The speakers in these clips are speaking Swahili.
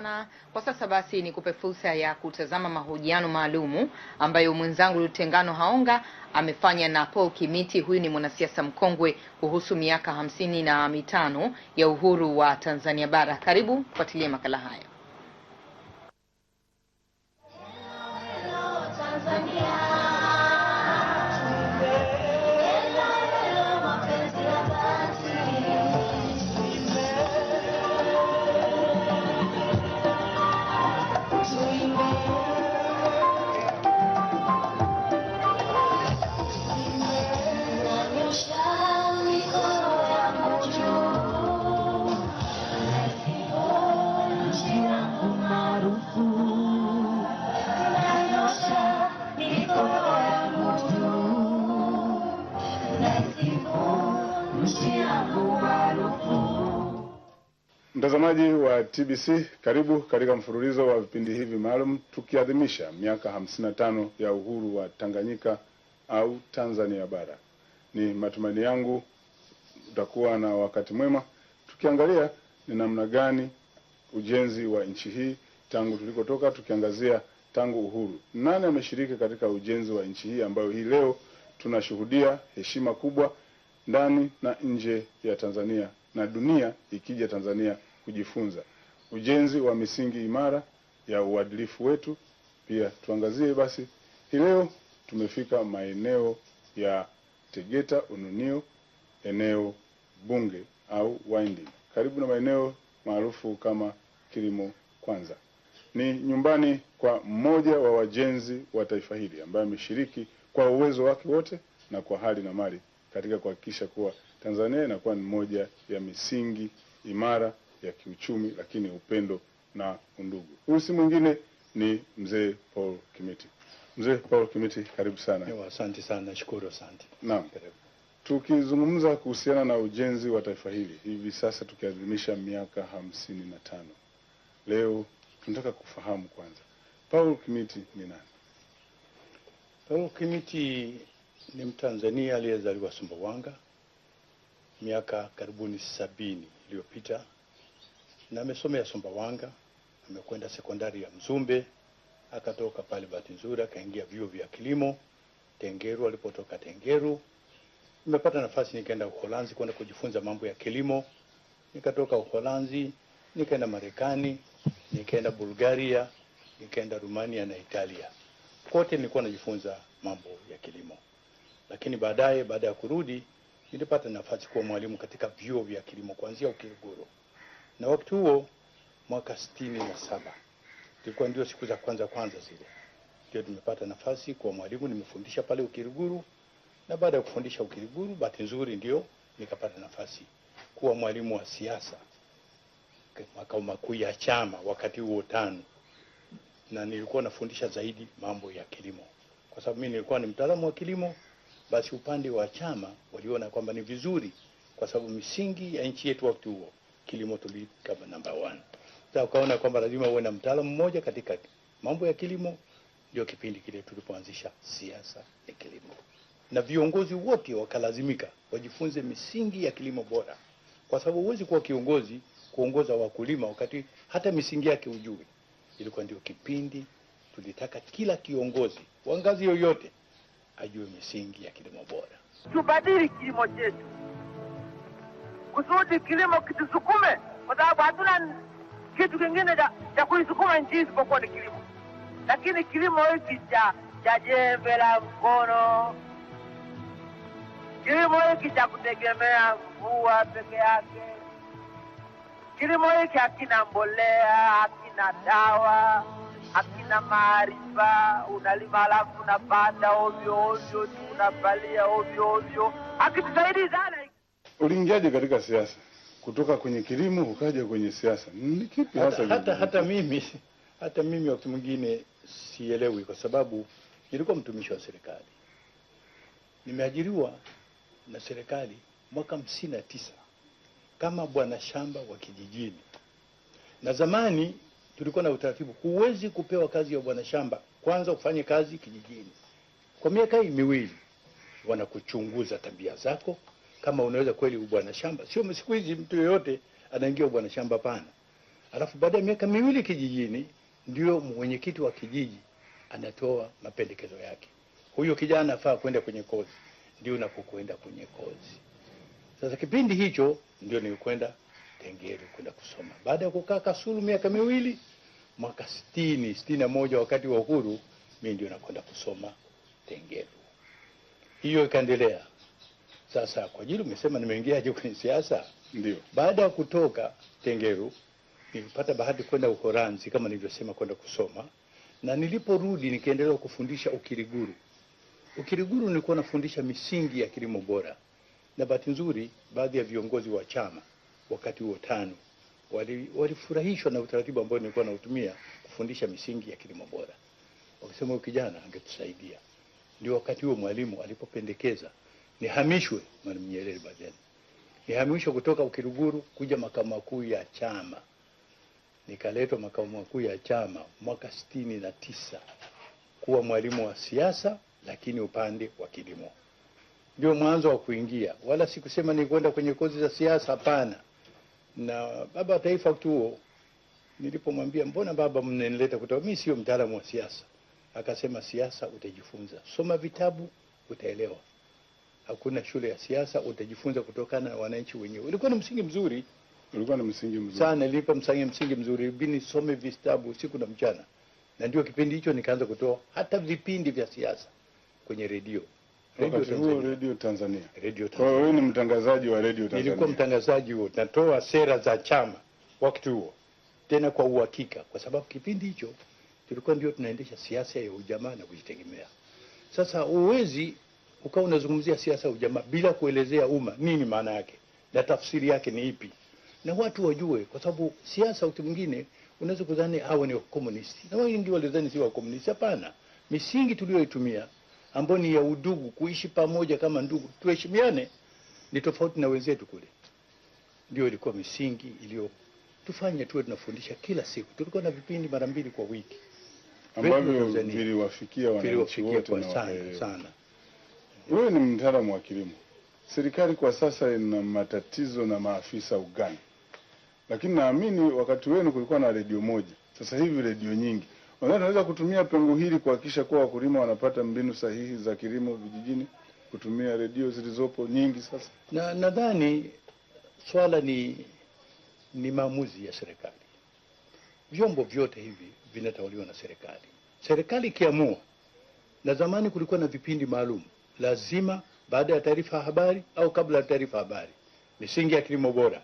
sana. Kwa sasa basi nikupe fursa ya kutazama mahojiano maalumu ambayo mwenzangu Lutengano Haonga amefanya na Paul Kimiti. Huyu ni mwanasiasa mkongwe kuhusu miaka hamsini na mitano ya uhuru wa Tanzania bara. Karibu fuatilie makala haya. Mtazamaji wa TBC, karibu katika mfululizo wa vipindi hivi maalum tukiadhimisha miaka 55 ya uhuru wa Tanganyika au Tanzania bara. Ni matumaini yangu utakuwa na wakati mwema tukiangalia ni namna gani ujenzi wa nchi hii tangu tulikotoka, tukiangazia tangu uhuru, nani ameshiriki katika ujenzi wa nchi hii ambayo hii leo tunashuhudia heshima kubwa ndani na nje ya Tanzania na dunia ikija Tanzania kujifunza ujenzi wa misingi imara ya uadilifu wetu. Pia tuangazie basi, hii leo tumefika maeneo ya Tegeta Ununio, eneo bunge au winding, karibu na maeneo maarufu kama Kilimo Kwanza. Ni nyumbani kwa mmoja wa wajenzi wa taifa hili ambaye ameshiriki kwa uwezo wake wote na kwa hali na mali katika kuhakikisha kuwa Tanzania inakuwa ni moja ya misingi imara ya kiuchumi, lakini upendo na undugu. Huyu si mwingine ni mzee Paul Kimiti. Mzee Paul Kimiti, karibu sana. Asante sana, nashukuru. Asante. Naam, tukizungumza kuhusiana na ujenzi wa taifa hili hivi sasa tukiadhimisha miaka hamsini na tano leo, tunataka kufahamu kwanza, Paul Kimiti ni nani? Paul Kimiti ni Mtanzania aliyezaliwa Sumbawanga miaka karibuni sabini iliyopita, na amesomea Sumbawanga, amekwenda sekondari ya Mzumbe, akatoka pale, bahati nzuri akaingia vyuo vya kilimo Tengeru. Alipotoka Tengeru nimepata nafasi nikaenda Uholanzi kwenda kujifunza mambo ya kilimo. Nikatoka Uholanzi nikaenda Marekani, nikaenda Bulgaria, nikaenda Rumania na Italia. Kote nilikuwa najifunza mambo ya kilimo lakini baadaye, baada ya kurudi, nilipata nafasi kuwa mwalimu katika vyuo vya kilimo kuanzia Ukiruguru, na wakati huo mwaka sitini na saba ilikuwa ndio siku za kwanza kwanza zile, ndio nimepata nafasi kuwa mwalimu. Nimefundisha pale Ukiruguru, na baada ya kufundisha Ukiruguru, bahati nzuri ndio nikapata nafasi kuwa mwalimu wa siasa makao makuu ya chama wakati huo tano, na nilikuwa nafundisha zaidi mambo ya kilimo, kwa sababu mimi nilikuwa ni mtaalamu wa kilimo basi upande wa chama waliona kwamba ni vizuri, kwa sababu misingi ya nchi yetu wakati huo kilimo tulika namba one. Sasa ukaona kwamba lazima uwe na mtaalamu mmoja katika mambo ya kilimo. Ndio kipindi kile tulipoanzisha siasa ya kilimo, na viongozi wote wakalazimika wajifunze misingi ya kilimo bora, kwa sababu huwezi kuwa kiongozi kuongoza wakulima wakati hata misingi yake hujui. Ilikuwa ndio kipindi tulitaka kila kiongozi wa ngazi yoyote ajue misingi ya kilimo bora. Tubadili kilimo chetu kusudi kilimo kitusukume, kwa sababu hatuna kitu kingine cha kuisukuma nchi isipokuwa ni kilimo. Lakini kilimo hiki cha cha jembe la mkono, kilimo hiki cha kutegemea mvua peke yake, kilimo hiki hakina mbolea, hakina dawa hakina maarifa. Unalima alafu unapanda ovyo ovyo, unapalia ovyo ovyo, hakitusaidii sana. Uliingiaje katika siasa? Kutoka kwenye kilimo ukaja kwenye siasa, ni kipi hasa? Hata, hata mimi hata mimi wakati mwingine sielewi, kwa sababu nilikuwa mtumishi wa serikali, nimeajiriwa na serikali mwaka hamsini na tisa kama bwana shamba wa kijijini, na zamani tulikuwa na utaratibu, huwezi kupewa kazi ya bwana shamba kwanza ufanye kazi kijijini. Kwa miaka hii miwili wanakuchunguza tabia zako, kama unaweza kweli ubwana shamba. Sio siku hizi mtu yoyote anaingia ubwana shamba, pana. Alafu baada ya miaka miwili kijijini, ndio mwenyekiti wa kijiji anatoa mapendekezo yake, huyo kijana anafaa kwenda kwenye kozi, ndio unapokwenda kwenye kozi. Sasa kipindi hicho ndio nilikwenda Tengeru kwenda kusoma baada ya kukaa Kasulu miaka miwili mwaka sitini sitini na moja wakati wa uhuru, mimi ndio nakwenda kusoma Tengeru. Hiyo ikaendelea. Sasa kwa ajili umesema nimeingiaje kwenye siasa? Ndio, baada ya kutoka Tengeru nilipata bahati kwenda Uholanzi kama nilivyosema, kwenda kusoma, na niliporudi nikaendelea kufundisha Ukiriguru. Ukiriguru nilikuwa nafundisha misingi ya kilimo bora, na bahati nzuri baadhi ya viongozi wa chama wakati huo tano walifurahishwa na utaratibu ambao nilikuwa nautumia kufundisha misingi ya kilimo bora. Wakasema huyu kijana angetusaidia. Ndio wakati huo mwalimu alipopendekeza nihamishwe, Mwalimu Nyerere Bageni, nihamishwe kutoka Ukiruguru kuja makao makuu ya chama. Nikaletwa makao makuu ya chama mwaka sitini na tisa kuwa mwalimu wa siasa, lakini upande wa kilimo ndio mwanzo wa kuingia. Wala sikusema ni kwenda kwenye kozi za siasa, hapana na baba wa taifa wakati huo nilipomwambia, mbona baba mnanileta kutoka, mi sio mtaalamu wa siasa. Akasema siasa utajifunza, soma vitabu utaelewa, hakuna shule ya siasa, utajifunza kutokana na wananchi wenyewe. Ilikuwa ni msingi mzuri, ilikuwa ni msingi mzuri sana, ilikuwa msingi msingi mzuri bini, some vitabu usiku na mchana, na ndio kipindi hicho nikaanza kutoa hata vipindi vya siasa kwenye redio. Radio Tanzania. Radio Tanzania. Radio Tanzania. Kwa hiyo ni mtangazaji wa Radio Tanzania. Nilikuwa mtangazaji huo, natoa sera za chama wakati huo, tena kwa uhakika, kwa sababu kipindi hicho tulikuwa ndio tunaendesha siasa ya ujamaa na kujitegemea. Sasa uwezi ukawa unazungumzia siasa ya ujamaa bila kuelezea umma nini maana yake na tafsiri yake ni ipi, na watu wajue, kwa sababu siasa wakati mwingine unaweza kudhani hawa ni wakomunisti na wengi walidhani si wakomunisti. Hapana, misingi tuliyoitumia ambayo ni ya udugu, kuishi pamoja kama ndugu, tuheshimiane, ni tofauti na wenzetu kule. Ndio ilikuwa misingi iliyo tufanye tuwe tunafundisha kila siku. Tulikuwa na vipindi mara mbili kwa wiki ambavyo viliwafikia wananchi wote na sana sana. Wewe ni mtaalamu wa kilimo, serikali kwa sasa ina matatizo na maafisa ugani, lakini naamini wakati wenu kulikuwa na redio moja, sasa hivi redio nyingi naweza kutumia pengo hili kuhakikisha kuwa wakulima wanapata mbinu sahihi za kilimo vijijini, kutumia redio zilizopo nyingi sasa, na nadhani swala ni, ni maamuzi ya serikali. Vyombo vyote hivi vinatawaliwa na serikali. Serikali ikiamua, na zamani kulikuwa na vipindi maalum, lazima baada ya taarifa ya habari au kabla ya taarifa ya habari, misingi ya kilimo bora.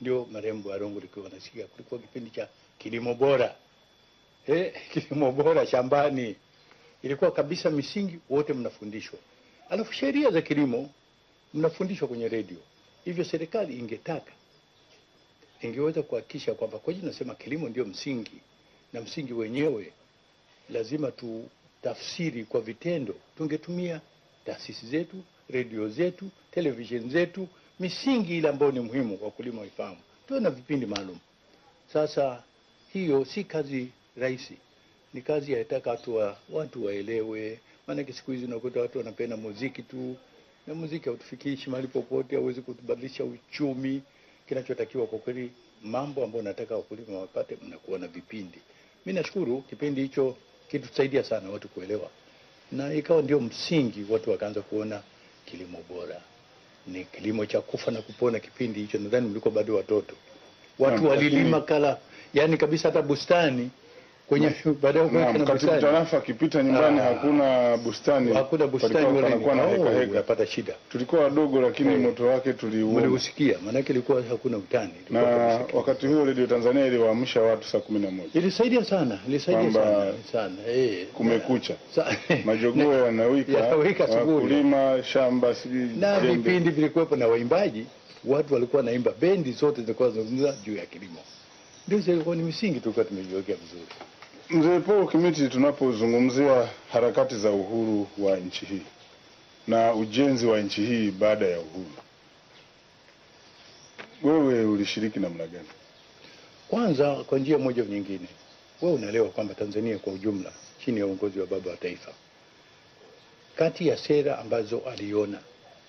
Ndio marehemu Barongo likiwa nasikia, kulikuwa kipindi cha kilimo bora eh, kilimo bora shambani, ilikuwa kabisa misingi wote mnafundishwa, alafu sheria za kilimo mnafundishwa kwenye redio. Hivyo serikali ingetaka ingeweza kuhakikisha kwamba kwa nasema kilimo ndio msingi, na msingi wenyewe lazima tutafsiri kwa vitendo. Tungetumia taasisi zetu, redio zetu, televisheni zetu, misingi ile ambayo ni muhimu wakulima waifahamu, tuwe na vipindi maalum. Sasa hiyo si kazi rahisi, ni kazi yataka watu wa, watu waelewe. Maanake siku hizi unakuta watu wanapenda muziki tu, na muziki hautufikirishi mahali popote, hauwezi kutubadilisha uchumi. Kinachotakiwa kwa kweli, mambo ambayo nataka wakulima wapate, mnakuwa na vipindi. Mi nashukuru kipindi hicho kitusaidia sana watu kuelewa, na ikawa ndio msingi, watu wakaanza kuona kilimo bora ni kilimo cha kufa na kupona. Kipindi hicho nadhani mlikuwa bado watoto, watu walilima kala, yani kabisa, hata bustani kwenye baada katibu tarafa akipita nyumbani ah. hakuna bustani, hakuna bustani na heka oh, heka, unapata shida. Tulikuwa wadogo, lakini eh. moto wake tuliusikia, maana yake ilikuwa hakuna utani. Na wakati huo Radio Tanzania iliwaamsha watu saa 11 Ilisaidia sana, ilisaidia sana sana, eh, kumekucha, majogoo yanawika, yanawika, kulima shamba, sijui na vipindi vilikuwepo na waimbaji, watu walikuwa naimba, bendi zote zilikuwa zinazungumza juu ya kilimo. Ndio zilikuwa ni misingi tulikuwa tumejiwekea vizuri. Mzee Paul Kimiti, tunapozungumzia harakati za uhuru wa nchi hii na ujenzi wa nchi hii baada ya uhuru, wewe ulishiriki namna gani? Kwanza, kwa njia moja au nyingine, wewe unaelewa kwamba Tanzania kwa ujumla chini ya uongozi wa baba wa taifa, kati ya sera ambazo aliona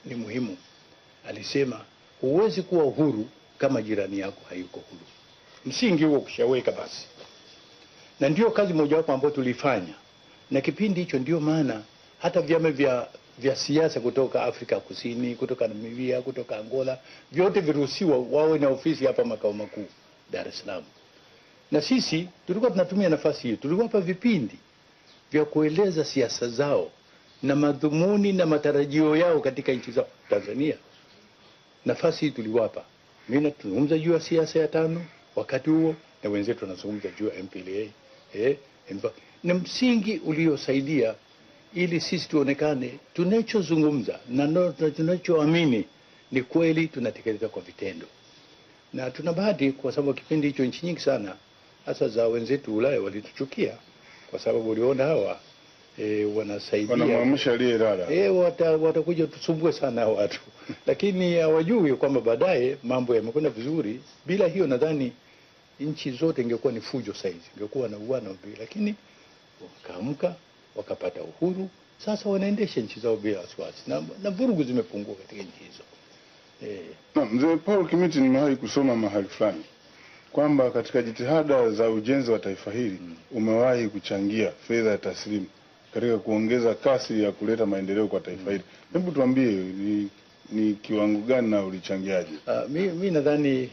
ni muhimu, alisema huwezi kuwa uhuru kama jirani yako hayuko huru. Msingi huo kushaweka basi na ndio kazi mojawapo ambayo tulifanya, na kipindi hicho ndio maana hata vyama vya vya siasa kutoka Afrika Kusini, kutoka Namibia, kutoka Angola, vyote viruhusiwa wawe na ofisi hapa makao makuu Dar es Salaam. Na sisi tulikuwa tunatumia nafasi hiyo, tuliwapa vipindi vya kueleza siasa zao na madhumuni na matarajio yao katika nchi zao. Tanzania nafasi hii tuliwapa, mimi natuzungumza juu ya siasa ya tano wakati huo, na wenzetu wanazungumza juu ya MPLA eh, ni msingi uliosaidia ili sisi tuonekane tunachozungumza na tunachoamini ni kweli tunatekeleza kwa vitendo, na tuna bahati kwa sababu kipindi hicho nchi nyingi sana hasa za wenzetu Ulaya walituchukia kwa sababu waliona hawa e, wanasaidia wanamwamsha aliyelala eh, wata, watakuja tusumbue sana watu lakini hawajui kwamba baadaye mambo yamekwenda vizuri bila hiyo nadhani nchi zote ingekuwa ni fujo saizi, ingekuwa na uana ubii, lakini wakaamka wakapata uhuru. Sasa wanaendesha nchi zao bila wasiwasi na, na vurugu zimepungua katika nchi hizo Eh, mzee Paul Kimiti nimewahi kusoma mahali fulani kwamba katika jitihada za ujenzi wa taifa hili mm, umewahi kuchangia fedha ya taslimu katika kuongeza kasi ya kuleta maendeleo kwa taifa mm. hili. Hebu tuambie ni, ni kiwango gani na ulichangiaje? Uh, mi, mi nadhani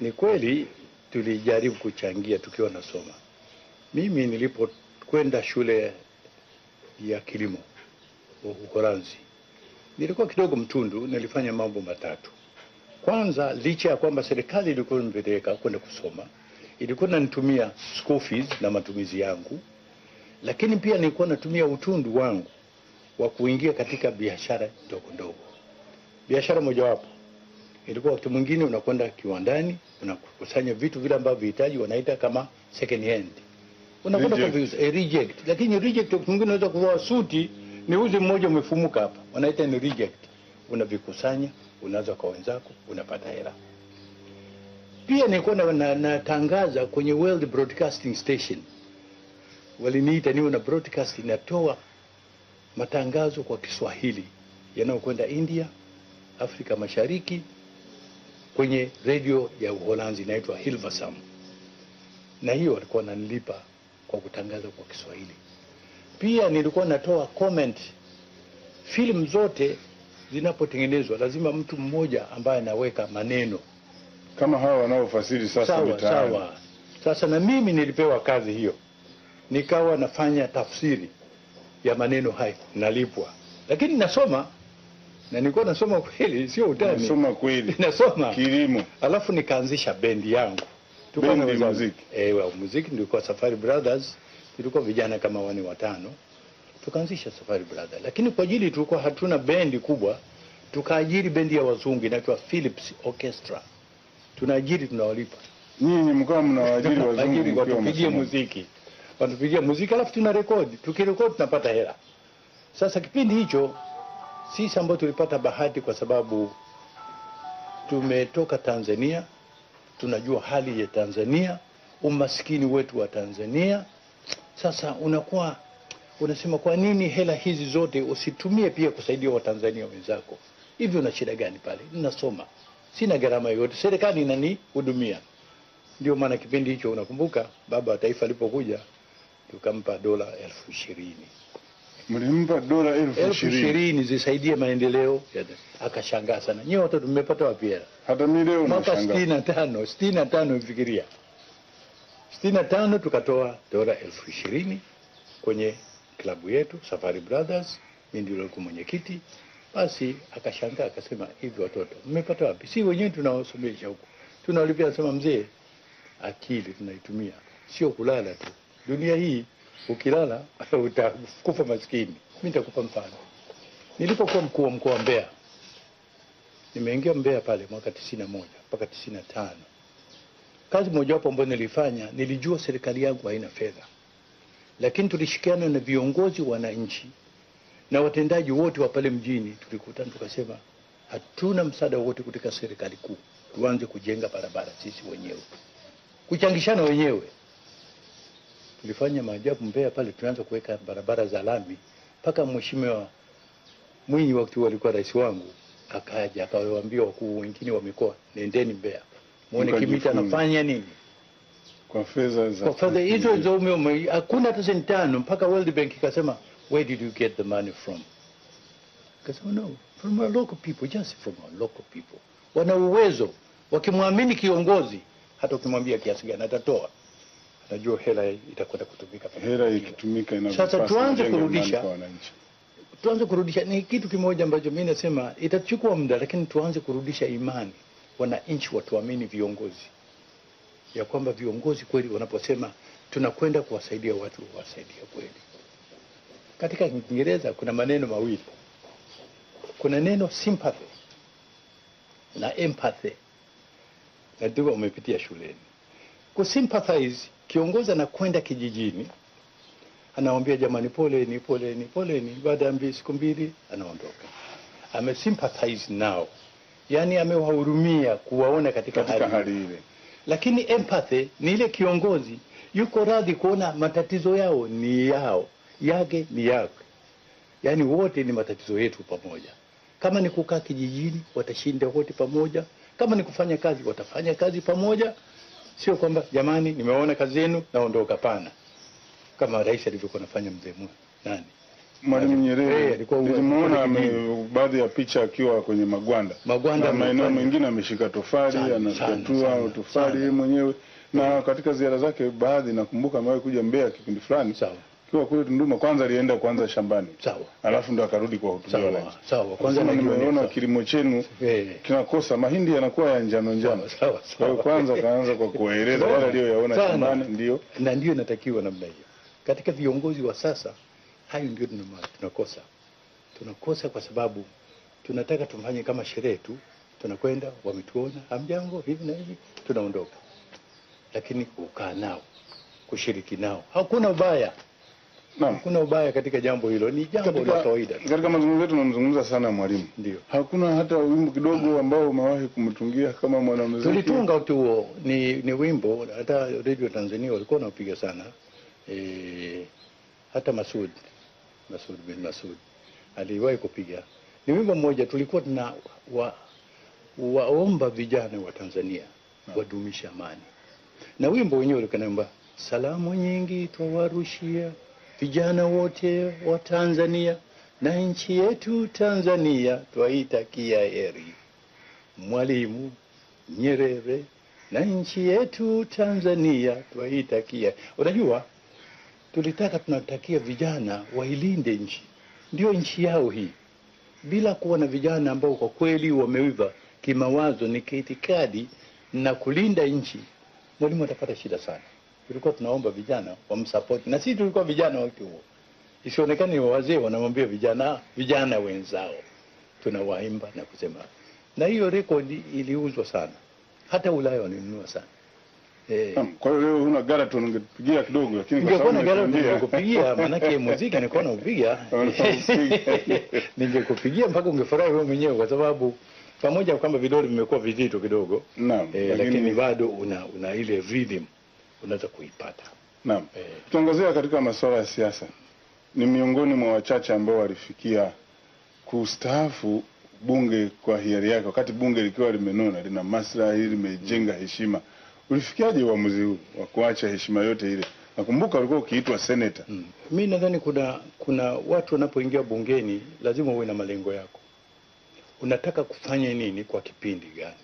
ni kweli tulijaribu kuchangia tukiwa nasoma. Mimi nilipokwenda shule ya kilimo Uholanzi nilikuwa kidogo mtundu, nilifanya mambo matatu. Kwanza, licha ya kwamba serikali ilikuwa imepeleka kwenda kusoma, ilikuwa inanitumia school fees na matumizi yangu, lakini pia nilikuwa natumia utundu wangu wa kuingia katika biashara ndogo ndogo. Biashara mojawapo ilikuwa wakati mwingine unakwenda kiwandani unakusanya vitu vile ambavyo vihitaji wanaita kama second hand, unakwenda kuviuza eh, reject. Lakini reject wakati mwingine unaweza kuvaa suti, ni uzi mmoja umefumuka hapa, wanaita ni reject. Unavikusanya, unaanza kwa wenzako, unapata hela. Pia nilikuwa natangaza na kwenye World Broadcasting Station, waliniita niwe na broadcast inatoa matangazo kwa Kiswahili yanayokwenda India, Afrika Mashariki kwenye redio ya Uholanzi inaitwa Hilversum, na hiyo walikuwa wananilipa kwa kutangaza kwa Kiswahili. Pia nilikuwa natoa comment. Filamu zote zinapotengenezwa lazima mtu mmoja ambaye anaweka maneno kama hawa wanaofasiri sasa. Sawa, sawa. Sasa na mimi nilipewa kazi hiyo, nikawa nafanya tafsiri ya maneno hayo, nalipwa, lakini nasoma na nilikuwa nasoma kweli, sio utani, nasoma kweli, nasoma kilimo, alafu nikaanzisha bendi yangu, bendi ya muziki eh, wa muziki. ndio kwa Safari Brothers, tulikuwa vijana kama wani watano, tukaanzisha Safari Brothers, lakini kwa ajili tulikuwa hatuna bendi kubwa, tukaajiri bendi ya wazungu inaitwa Philips Orchestra, tunaajiri tunawalipa. Nyinyi mkao mnawaajiri wazungu watupigie muziki, watupigia muziki, alafu tuna rekodi, tukirekodi tunapata hela. Sasa kipindi hicho sisi ambao tulipata bahati kwa sababu tumetoka Tanzania, tunajua hali ya Tanzania, umaskini wetu wa Tanzania. Sasa unakuwa unasema kwa nini hela hizi zote usitumie pia kusaidia Watanzania wenzako? Hivi una shida gani pale? Ninasoma, sina gharama yoyote, serikali inanihudumia. Ndio maana kipindi hicho, unakumbuka baba wa taifa alipokuja, tukampa dola elfu ishirini mlimpa dola elfu ishirini zisaidie maendeleo. Akashangaa sana, nyiwe watoto mmepata wapi hela? Hata mimi leo mwaka sitini na tano sitini na tano mfikiria, sitini na tano tukatoa dola elfu ishirini kwenye klabu yetu Safari Brothers, mimi ndio nilikuwa mwenyekiti. Basi akashangaa akasema, hivi watoto mmepata wapi? si wenyewe tunawasomesha huko tunawalipia. Sema mzee, akili tunaitumia, sio kulala tu dunia hii ukilala utakufa maskini. Mi nitakupa mfano. Nilipokuwa mkuu wa mkoa wa Mbeya, nimeingia Mbeya pale mwaka tisini na moja mpaka tisini na tano kazi mojawapo ambayo nilifanya, nilijua serikali yangu haina fedha, lakini tulishikiana na viongozi wananchi na watendaji wote wa pale mjini, tulikutana tukasema, hatuna msaada wote kutoka serikali kuu, tuanze kujenga barabara sisi wenyewe, kuchangishana wenyewe tulifanya maajabu Mbeya pale, tulianza kuweka barabara za lami mpaka mheshimiwa Mwinyi wakati walikuwa rais wangu akaja akawaambia wakuu wengine wa mikoa, nendeni Mbeya muone Kimita anafanya nini kwa fedha za kwa fedha hizo hizo. Hakuna hata senti tano, mpaka World Bank ikasema, where did you get the money from? Akasema no, from our local people, just from our local people. Wana uwezo wakimwamini kiongozi, hata ukimwambia kiasi gani atatoa najua hela itakwenda kutumika. Hela ikitumika inavyopaswa. sasa, tuanze kurudisha, tuanze kurudisha. Ni kitu kimoja ambacho mi nasema itachukua muda, lakini tuanze kurudisha imani, wananchi watuamini viongozi, ya kwamba viongozi kweli wanaposema tunakwenda kuwasaidia watu wasaidia kweli. Katika Kiingereza kuna maneno mawili, kuna neno sympathy na empathy. Najua umepitia shuleni sympathize Kiongozi anakwenda kijijini, anawambia jamani, poleni, poleni, poleni. Baada ya siku mbili anaondoka, amesympathize nao, yani amewahurumia kuwaona katika, katika hali ile. Lakini empathy ni ile kiongozi yuko radhi kuona matatizo yao ni yao, yake ni yake, yani wote ni matatizo yetu pamoja. Kama ni kukaa kijijini, watashinda wote pamoja. Kama ni kufanya kazi, watafanya kazi pamoja sio kwamba jamani, nimeona kazi yenu naondoka. pana kama rais alivyokuwa anafanya mzee nani Mwalimu Nyerere tulimuona baadhi ya picha akiwa kwenye magwanda magwanda, maeneo mengine ameshika tofali, anakatua tofali mwenyewe, na katika ziara zake baadhi nakumbuka amewahi kuja Mbeya kipindi fulani Kiwa kule Tunduma kwanza alienda kwanza shambani. Sawa. Alafu ndo akarudi kwa hotuba Sawa. Sawa. Kwanza nimeona kilimo chenu eh. kinakosa mahindi yanakuwa ya njano njano. Sawa. Kwa hiyo kwanza kaanza kwa kuwaeleza wale walioyaona shambani ndio. Na ndio inatakiwa namna hiyo. Katika viongozi wa sasa hayo ndio tunakosa. Tunakosa kwa sababu tunataka tumfanye kama sherehe tu. Tunakwenda, wametuona, hamjambo, hivi na hivi, tunaondoka. Lakini kukaa nao, kushiriki nao, hakuna ubaya. Hakuna ubaya katika jambo hilo, ni jambo la kawaida. Katika mazungumzo yetu tumemzungumza sana mwalimu, ndio hakuna hata wimbo kidogo ambao umewahi kumtungia kama mwanamuziki. Tulitunga wakati huo ni, ni wimbo hata Radio Tanzania walikuwa wanapiga sana e, hata Masud Masud bin Masud aliwahi kupiga, ni wimbo mmoja tulikuwa tuna wa, waomba vijana wa Tanzania wadumisha amani, na wimbo wenyewe ulikanamba salamu nyingi twawarushia vijana wote wa Tanzania na nchi yetu Tanzania twaitakia heri Mwalimu Nyerere na nchi yetu Tanzania twaitakia. Unajua, tulitaka tunatakia vijana wailinde nchi, ndio nchi yao hii. Bila kuwa na vijana ambao kwa kweli wameiva kimawazo, ni kiitikadi na kulinda nchi, Mwalimu atapata shida sana tulikuwa tunaomba vijana wamsapoti, na sisi tulikuwa vijana wakati huo, isionekane wazee wanamwambia vijana, vijana wenzao tunawaimba na kusema, na hiyo rekodi iliuzwa sana, hata Ulaya walinunua sana. Eh, kwa hiyo leo gara tu, ungepigia kidogo, lakini kwa sababu ningekuwa na gara ningekupigia maanake muziki nilikuwa naupiga ningekupigia mpaka ungefurahi wewe mwenyewe kwa sababu pamoja kwamba vidole vimekuwa vizito kidogo naam, eh, lakini, lakini bado una, una ile rhythm unaweza kuipata. Naam, eh, tukiangazia katika masuala ya siasa, ni miongoni mwa wachache ambao walifikia kustaafu bunge kwa hiari yake, wakati bunge likiwa limenona, lina maslahi, limejenga heshima. Ulifikiaje uamuzi huu wa kuacha heshima yote ile? Nakumbuka ulikuwa ukiitwa seneta. Mm. Mimi nadhani kuna kuna watu wanapoingia bungeni lazima uwe na malengo yako, unataka kufanya nini kwa kipindi gani?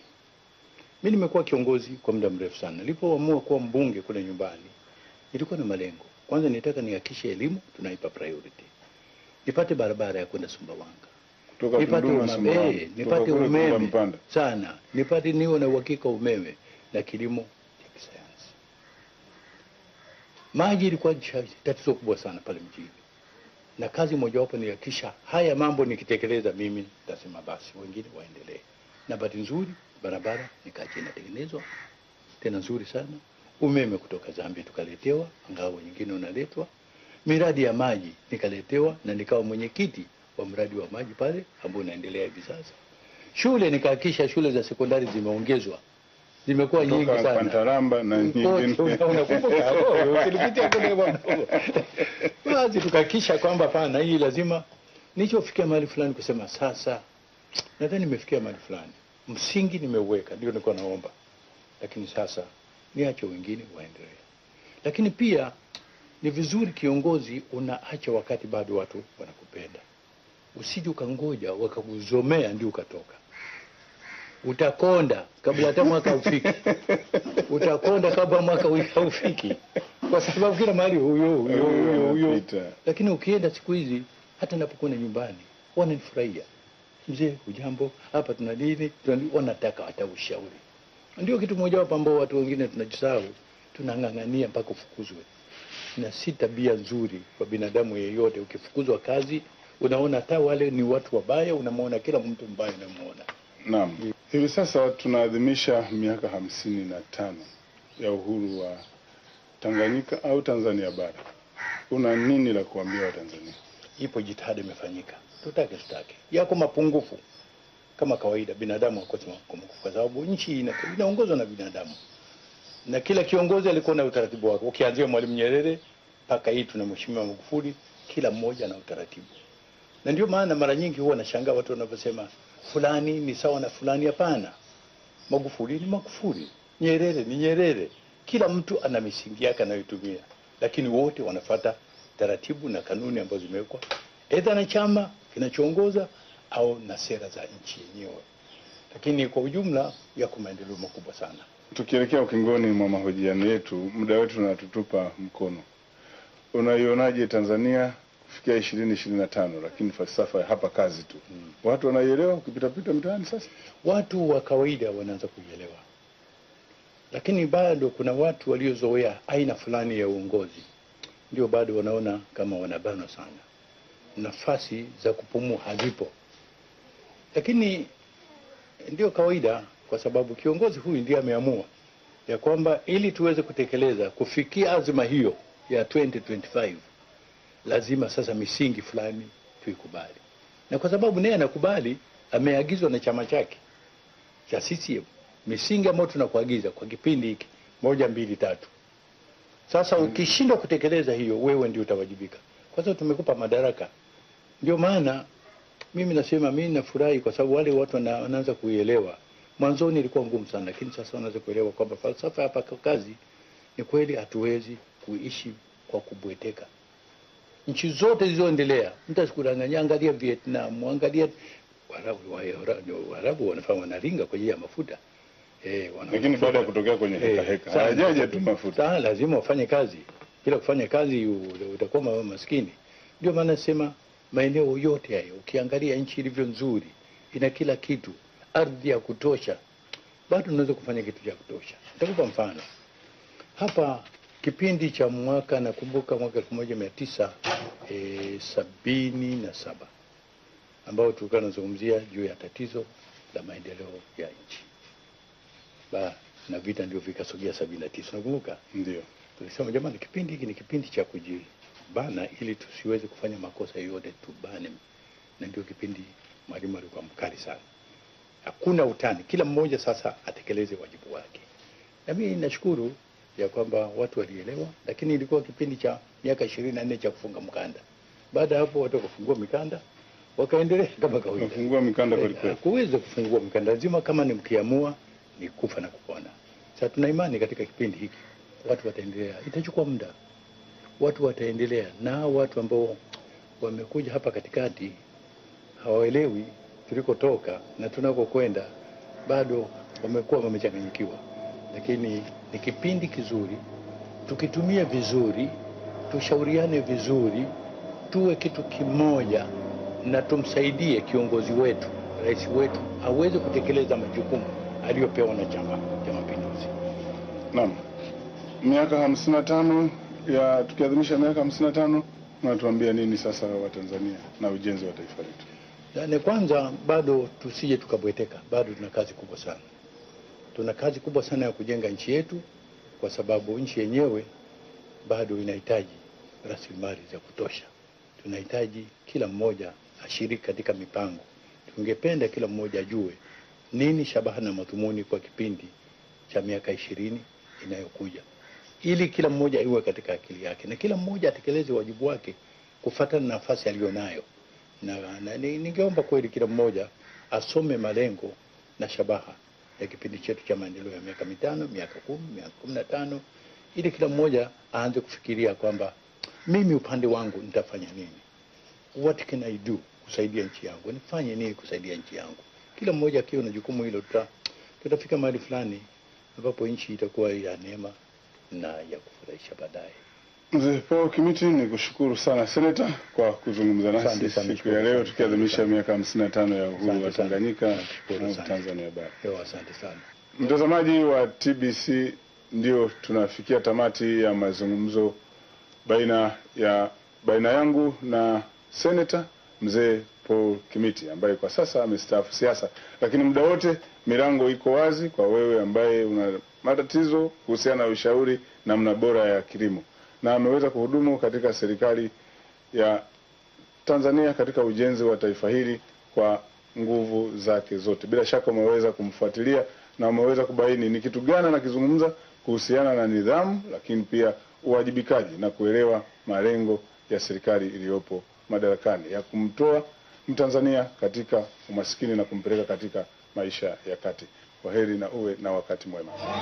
Mi nimekuwa kiongozi kwa muda mrefu sana. Nilipoamua kuwa mbunge kule nyumbani, ilikuwa na malengo. Kwanza nilitaka nihakikishe elimu tunaipa priority, nipate barabara ya kwenda Sumbawanga, nipate umeme, eh, nipate umeme sana, nipate niwe na uhakika umeme na kilimo cha kisayansi. Maji ilikuwa tatizo kubwa sana pale mjini, na kazi mojawapo nilihakikisha haya mambo nikitekeleza mimi nitasema basi wengine waendelee, na bahati nzuri barabara nikaacha inatengenezwa tena nzuri sana, umeme kutoka Zambia tukaletewa, ngao nyingine unaletwa, miradi ya maji nikaletewa, na nikawa mwenyekiti wa mradi wa maji pale ambao unaendelea hivi sasa. Shule nikahakisha shule za sekondari zimeongezwa zimekuwa nyingi sana Kantaramba na nyingine, basi oh, tukahakisha kwamba pana hii lazima. Nilichofikia mahali fulani kusema sasa, nadhani nimefikia mahali fulani. Msingi nimeuweka, ndio nilikuwa naomba, lakini sasa niache wengine waendelee. Lakini pia ni vizuri kiongozi, unaacha wakati bado watu wanakupenda, usije ukangoja wakakuzomea ndio ukatoka. Utakonda kabla hata mwaka ufiki, utakonda kabla mwaka ufiki, kwa sababu kila mahali huyo huyo huyo huyo. Lakini ukienda siku hizi, hata napokuwa nyumbani wananifurahia mzee, ujambo, hapa tuna nini, wanataka hata ushauri. Ndio kitu moja wapo ambao watu wengine tunajisahau, tunang'ang'ania mpaka ufukuzwe, na si tabia nzuri kwa binadamu yeyote. Ukifukuzwa kazi, unaona hata wale ni watu wabaya, unamwona kila mtu mbaya, unamwona. Naam, hivi sasa tunaadhimisha miaka hamsini na tano ya uhuru wa Tanganyika au Tanzania bara. Una nini la kuambia Watanzania? Ipo jitihada imefanyika tutake sitake yako mapungufu kama kawaida, binadamu wako mapungufu, kwa sababu nchi inaongozwa na binadamu na kila kiongozi alikuwa na utaratibu wake, ukianzia Mwalimu Nyerere mpaka hii tuna Mheshimiwa Magufuli, kila mmoja na utaratibu. Na ndio maana mara nyingi huwa nashangaa watu wanaposema fulani ni sawa na fulani. Hapana, Magufuli ni Magufuli, Nyerere ni Nyerere. Kila mtu ana misingi yake anayotumia, lakini wote wanafata taratibu na kanuni ambazo zimewekwa aidha na chama kinachoongoza au na sera za nchi yenyewe, lakini kwa ujumla yako maendeleo makubwa sana. Tukielekea ukingoni mwa mahojiano yetu, muda wetu unatutupa mkono, unaionaje Tanzania kufikia ishirini ishirini na tano? Lakini falsafa ya hapa kazi tu, hmm. watu wanaielewa ukipitapita mtaani sasa, watu wa kawaida wanaanza kuielewa, lakini bado kuna watu waliozoea aina fulani ya uongozi, ndio bado wanaona kama wanabanwa sana nafasi za kupumua hazipo, lakini ndio kawaida, kwa sababu kiongozi huyu ndiye ameamua ya kwamba ili tuweze kutekeleza kufikia azma hiyo ya 2025 lazima sasa misingi fulani tuikubali, na kwa sababu naye anakubali, ameagizwa na chama chake cha CCM misingi ambayo tunakuagiza kwa kipindi hiki moja, mbili, tatu. Sasa ukishindwa kutekeleza hiyo, wewe ndio utawajibika, kwa sababu tumekupa madaraka. Ndio maana mimi nasema mimi nafurahi kwa sababu wale watu wanaanza kuielewa. Mwanzoni ilikuwa ngumu sana, lakini sasa wanaanza kuelewa kwamba falsafa hapa kazi ni kweli, hatuwezi kuishi kwa kubweteka. Nchi zote zilizoendelea, mtu asikudanganya. Angalia Vietnam, angalia Waarabu, wanafanya wanaringa kwa ajili ya mafuta eh, lakini baada ya kutokea kwenye eh, heka heka hajaje tu mafuta, lazima wafanye kazi. Bila kufanya kazi utakuwa maskini. Ndio maana nasema maeneo yote hayo. Ukiangalia nchi ilivyo nzuri, ina kila kitu, ardhi ya kutosha, bado unaweza kufanya kitu cha kutosha. Nitakupa mfano hapa, kipindi cha mwaka nakumbuka mwaka elfu moja mia tisa e, sabini na saba ambao tulikuwa tunazungumzia juu ya tatizo la maendeleo ya nchi ba na vita ndio vikasogea sabini na tisa. Nakumbuka ndio tulisema, jamani, kipindi hiki ni kipindi cha kujili bana, ili tusiweze kufanya makosa yote tubane. Na ndio kipindi mwalimu alikuwa mkali sana, hakuna utani, kila mmoja sasa atekeleze wajibu wake. Na mimi nashukuru ya kwamba watu walielewa, lakini ilikuwa kipindi cha miaka ishirini na nne cha kufunga mkanda. Baada ya hapo watu wakafungua mikanda wakaendelea kama kawaida, kufungua mikanda kwa kweli, kuweza kufungua mikanda lazima, kama ni mkiamua ni kufa na kupona. Sasa tuna imani katika kipindi hiki watu wataendelea, itachukua muda watu wataendelea na watu ambao wamekuja hapa katikati hawaelewi tulikotoka na tunakokwenda, bado wamekuwa wamechanganyikiwa, lakini ni kipindi kizuri, tukitumia vizuri, tushauriane vizuri, tuwe kitu kimoja na tumsaidie kiongozi wetu, rais wetu aweze kutekeleza majukumu aliyopewa na Chama cha Mapinduzi. Naam, miaka hamsini na tano ya tukiadhimisha miaka hamsini na tano unatuambia nini sasa Watanzania na ujenzi wa taifa letu? Yani kwanza, bado tusije tukabweteka, bado tuna kazi kubwa sana, tuna kazi kubwa sana ya kujenga nchi yetu, kwa sababu nchi yenyewe bado inahitaji rasilimali za kutosha. Tunahitaji kila mmoja ashiriki katika mipango. Tungependa kila mmoja ajue nini shabaha na madhumuni kwa kipindi cha miaka ishirini inayokuja ili kila mmoja iwe katika akili yake na kila mmoja atekeleze wajibu wake kufuatana na nafasi aliyonayo. Na, na ningeomba kweli kila mmoja asome malengo na shabaha ya kipindi chetu cha maendeleo ya miaka mitano, miaka kumi, miaka kumi na tano, ili kila mmoja aanze kufikiria kwamba mimi upande wangu nitafanya nini, what can I do kusaidia nchi yangu, nifanye nini kusaidia nchi yangu. Kila mmoja akiwa na jukumu hilo, tutafika mahali fulani ambapo nchi itakuwa ya neema na ya kufurahisha baadaye. Mzee Paul Kimiti, ni kushukuru sana seneta kwa kuzungumza nasi siku ya leo tukiadhimisha miaka 55 ya uhuru wa Tanganyika na Tanzania bara. Asante sana mtazamaji wa TBC, ndio tunafikia tamati ya mazungumzo baina ya baina yangu na seneta mzee Paul Kimiti ambaye kwa sasa amestaafu siasa, lakini muda wote milango iko wazi kwa wewe ambaye una matatizo kuhusiana na ushauri namna bora ya kilimo, na ameweza kuhudumu katika serikali ya Tanzania katika ujenzi wa taifa hili kwa nguvu zake zote. Bila shaka umeweza kumfuatilia na umeweza kubaini ni kitu gani anakizungumza kuhusiana na nidhamu, lakini pia uwajibikaji na kuelewa malengo ya serikali iliyopo madarakani ya kumtoa Mtanzania katika umaskini na kumpeleka katika maisha ya kati. Kwaheri na uwe na wakati mwema.